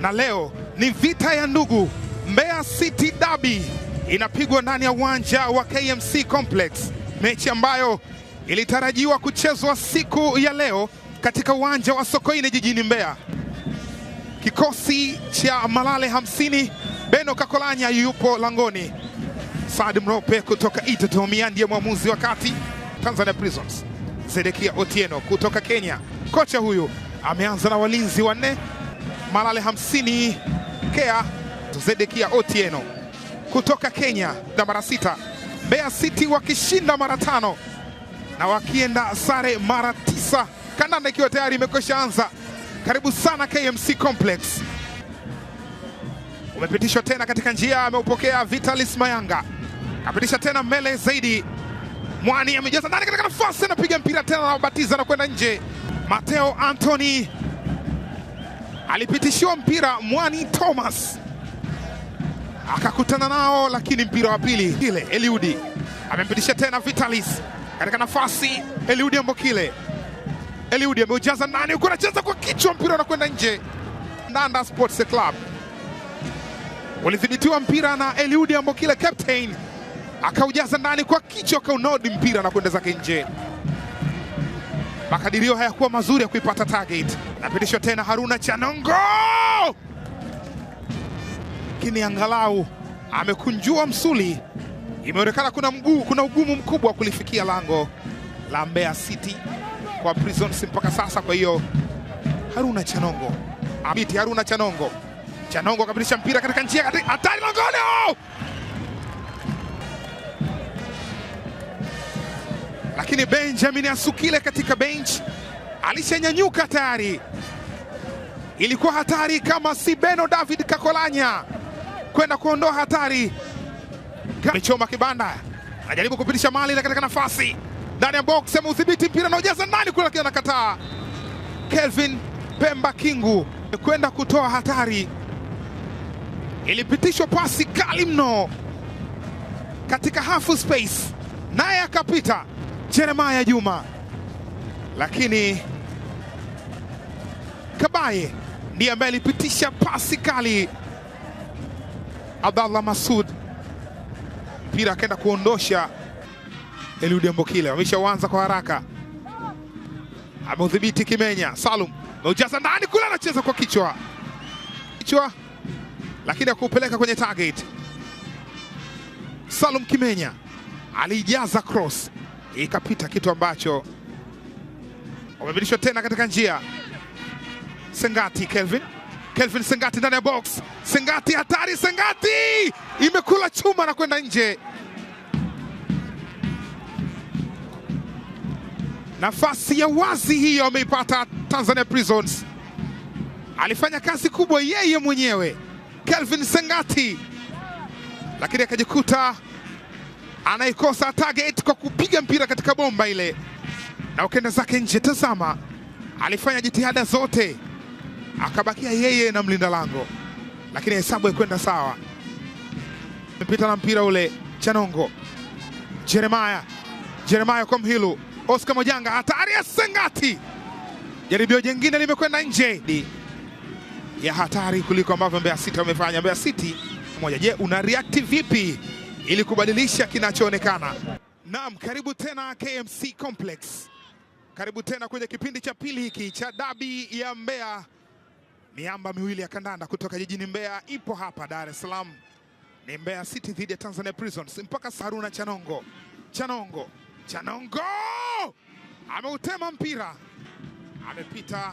na leo ni vita ya ndugu. Mbeya City Derby inapigwa ndani ya uwanja wa KMC Complex, mechi ambayo ilitarajiwa kuchezwa siku ya leo katika uwanja wa Sokoine jijini Mbeya. Kikosi cha Malale hamsini, Beno Kakolanya yupo langoni, Saad Mrope kutoka Itetomia ndiye mwamuzi wa kati, Tanzania Prisons, Zedekia Otieno kutoka Kenya. Kocha huyu ameanza na walinzi wanne Malale hamsini kea Zedekia Otieno kutoka Kenya na mara sita, Mbeya City wakishinda mara tano na wakienda sare mara tisa, kandanda ikiwa tayari imekwisha anza. Karibu sana KMC Complex. Umepitishwa tena katika njia, ameupokea Vitalis Mayanga, kapitisha tena mbele zaidi. Mwani amejaza ndani katika nafasi, anapiga mpira tena, anabatiza na kwenda nje. Mateo Anthony alipitishiwa mpira Mwani Thomas akakutana nao, lakini mpira wa pili ile Eliudi amempitisha tena Vitalis katika nafasi Eliudi Ambokile. Eliudi ameujaza ndani huku anacheza kwa kichwa, mpira unakwenda nje. Ndanda Sports Club ulidhibitiwa mpira na Eliudi Ambokile, captain akaujaza ndani kwa kichwa, akaunodi mpira na kwenda zake nje. Makadirio hayakuwa mazuri ya kuipata target. Napitishwa tena Haruna Chanongo, lakini angalau amekunjua msuli. Imeonekana kuna mguu, kuna ugumu mkubwa wa kulifikia lango la Mbeya City kwa Prisons mpaka sasa. Kwa hiyo Haruna Chanongo abiti, Haruna Chanongo, Chanongo akapitisha mpira katika njia hatari langoni. Oh! lakini Benjamin Asukile katika bench alishanyanyuka tayari. Ilikuwa hatari kama si Beno David Kakolanya kwenda kuondoa hatari. Amechoma kibanda, anajaribu kupitisha mali katika nafasi ndani ya box, sema udhibiti mpira na ujaza ndani kule, lakini anakataa. Kelvin Pemba Kingu kwenda kutoa hatari. Ilipitishwa pasi kali mno katika half space, naye akapita. Jeremaya Juma, lakini Kabaye ndiye ambaye alipitisha pasi kali. Abdallah Masud mpira akaenda kuondosha Eliud Mbokile, wameshaanza kwa haraka, ameudhibiti Kimenya. Salum meujaza ndani kule, anacheza kwa kichwa kichwa, lakini akupeleka kwenye target. Salum Kimenya alijaza cross ikapita kitu ambacho wamebadilishwa tena katika njia. Sengati Kelvin, Kelvin Sengati ndani ya box. Sengati hatari, Sengati imekula chuma na kwenda nje. Nafasi ya wazi hiyo ameipata Tanzania Prisons. Alifanya kazi kubwa yeye mwenyewe Kelvin Sengati, lakini akajikuta anaikosa target kwa kupiga mpira katika bomba ile na ukenda zake nje. Tazama, alifanya jitihada zote, akabakia yeye na mlinda lango, lakini hesabu ikwenda sawa. Mpita na mpira ule Chanongo, Jeremaya, Jeremaya kwa Mhilu, Oscar Mojanga, hatari ya Sengati. Jaribio jingine limekwenda nje, ya hatari kuliko ambavyo Mbeya City wamefanya. Mbeya City moja, je, una react vipi? ili kubadilisha kinachoonekana. Naam, karibu tena KMC Complex, karibu tena kwenye kipindi cha pili hiki cha dabi ya Mbeya. Miamba miwili ya kandanda kutoka jijini Mbeya ipo hapa Dar es Salaam, ni Mbeya City dhidi ya Tanzania Prisons. Mpaka Haruna Chanongo, Chanongo, Chanongo ameutema mpira, amepita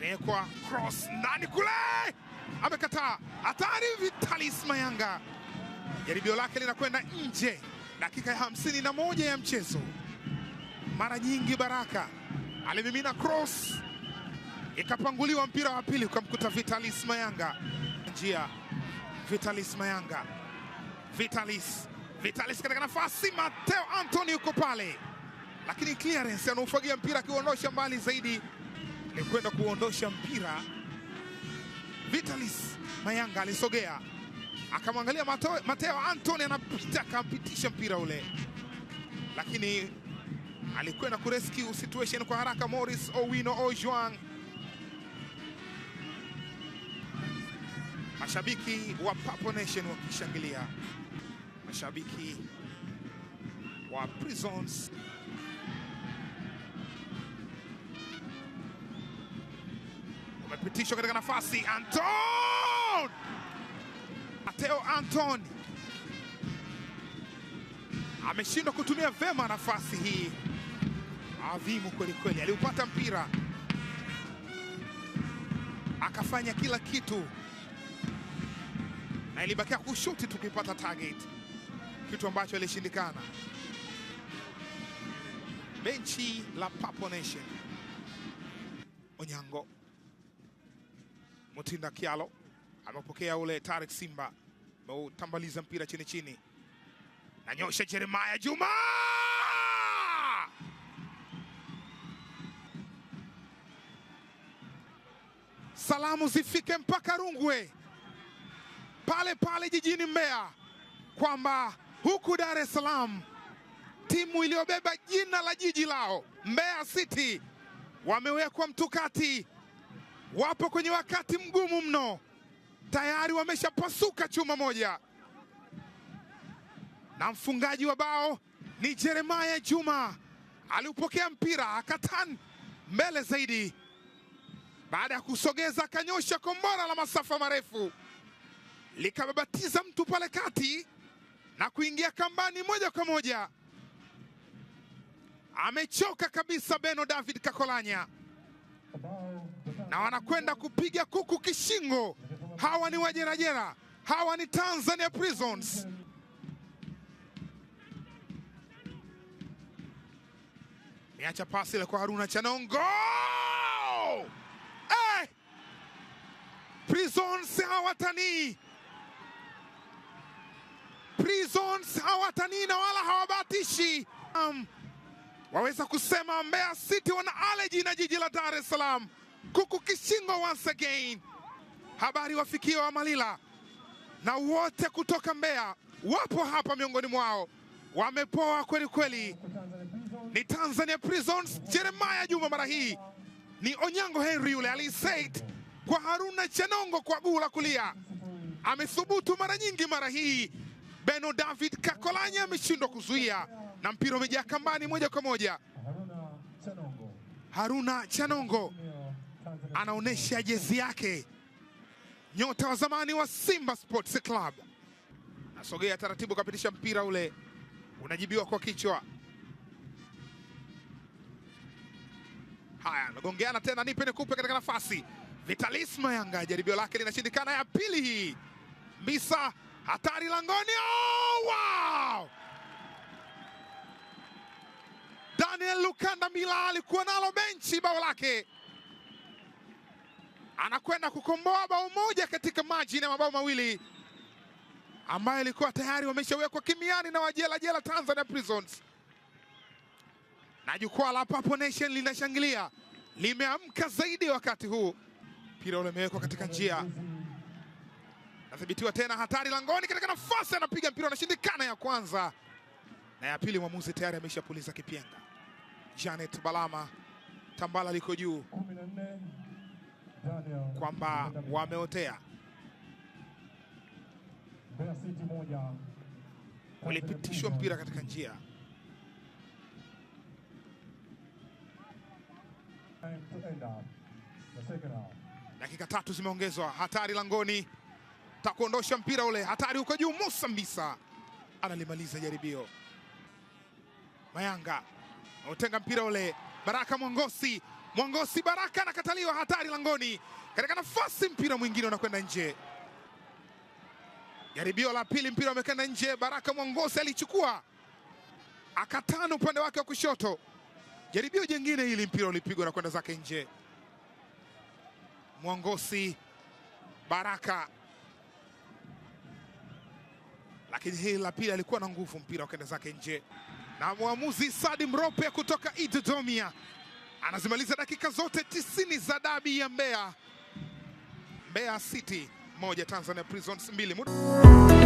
nekwa cross ndani kule, amekataa. Hatari Vitalis Mayanga jaribio lake linakwenda nje. Dakika ya hamsini na moja ya mchezo. Mara nyingi Baraka alimimina cross ikapanguliwa, mpira wa pili ukamkuta Vitalis Mayanga njia. Vitalis Mayanga, Vitalis, Vitalis katika nafasi, Mateo Anthony yuko pale, lakini clearance anaufagia mpira akiuondosha mbali zaidi, kwenda kuondosha mpira. Vitalis Mayanga alisogea akamwangalia Mateo Antoni anapita akampitisha mpira ule, lakini alikwenda kurescue situation kwa haraka Morris Owino Ojuang. Mashabiki wa Papo Nation wakishangilia, mashabiki wa Prisons wamepitishwa katika nafasi Mateo Antoni ameshindwa kutumia vema nafasi hii, adhimu kweli kweli. Aliupata mpira akafanya kila kitu, na ilibakia kushuti tukipata target, kitu ambacho ilishindikana. Benchi la Papo Nation, Onyango Mutinda Kialo amepokea ule Tarek Simba ameutambaliza mpira chini chini, nanyosha Jeremaya Juma salamu zifike mpaka Rungwe pale pale jijini Mbeya, kwamba huku Dar es Salaam timu iliyobeba jina la jiji lao Mbeya City wamewekwa mtukati, wapo kwenye wakati mgumu mno tayari wameshapasuka chuma moja, na mfungaji wa bao ni Jeremaya Juma. Aliupokea mpira akatan mbele zaidi, baada ya kusogeza akanyosha kombora la masafa marefu likababatiza mtu pale kati na kuingia kambani moja kwa moja. Amechoka kabisa Beno David Kakolanya, na wanakwenda kupiga kuku kishingo hawa ni wajerajera, hawa ni Tanzania Prisons. Niacha pasi ile kwa Haruna Chanongo. Eh! Prisons hawatanii, Prisons hawatanii na wala hawabatishi Um, waweza kusema Mbeya City wana allergy na jiji la Dar es Salaam, kuku kishingo once again habari wafikie wa Malila na wote kutoka Mbeya wapo hapa, miongoni mwao wamepoa kweli kweli. Ni Tanzania Prisons Jeremiah Juma, mara hii ni Onyango Henry, yule alisaid kwa Haruna Chanongo kwa guu la kulia, amethubutu mara nyingi. Mara hii Beno David Kakolanya ameshindwa kuzuia, na mpira umejaa kambani moja kwa moja. Haruna Chanongo anaonesha jezi yake nyota wa zamani wa Simba Sports Club Nasogea taratibu, kapitisha mpira ule, unajibiwa kwa kichwa. Haya, nagongeana tena, nipe nikupe katika nafasi. Vitalis Mayanga, jaribio lake linashindikana. Ya pili hii, Mbisa hatari langoni. Oh, wow! Daniel Lukanda Mila alikuwa nalo benchi bao lake anakwenda kukomboa bao moja katika maji na mabao mawili ambayo ilikuwa tayari wameshawekwa kimiani na wajela jela Tanzania Prisons, na jukwaa la Papo Nation linashangilia, limeamka zaidi wakati huu. Mpira ule umewekwa katika njia, nadhibitiwa tena, hatari langoni, katika nafasi anapiga mpira, anashindikana ya kwanza na ya pili. Mwamuzi tayari ameshapuliza kipenga. Janet Balama tambala liko juu kwamba wameotea. Walipitishwa mpira katika njia dakika tatu zimeongezwa. Hatari langoni, takuondosha mpira ule. Hatari uko juu, Musa Mbisa analimaliza jaribio. Mayanga utenga mpira ule, Baraka Mwangosi, Mwangosi Baraka anakataliwa. Hatari langoni, katika nafasi, mpira mwingine unakwenda nje. Jaribio la pili, mpira umekwenda nje. Baraka Mwangosi alichukua akatana upande wake wa kushoto. Jaribio jingine hili, mpira ulipigwa na kwenda zake nje. Mwangosi Baraka, lakini hili la pili alikuwa na nguvu, mpira ukaenda zake nje. Na mwamuzi Sadi Mrope kutoka Iddomia anazimaliza dakika zote tisini za dabi ya Mbeya. Mbeya City moja, Tanzania Prisons mbili.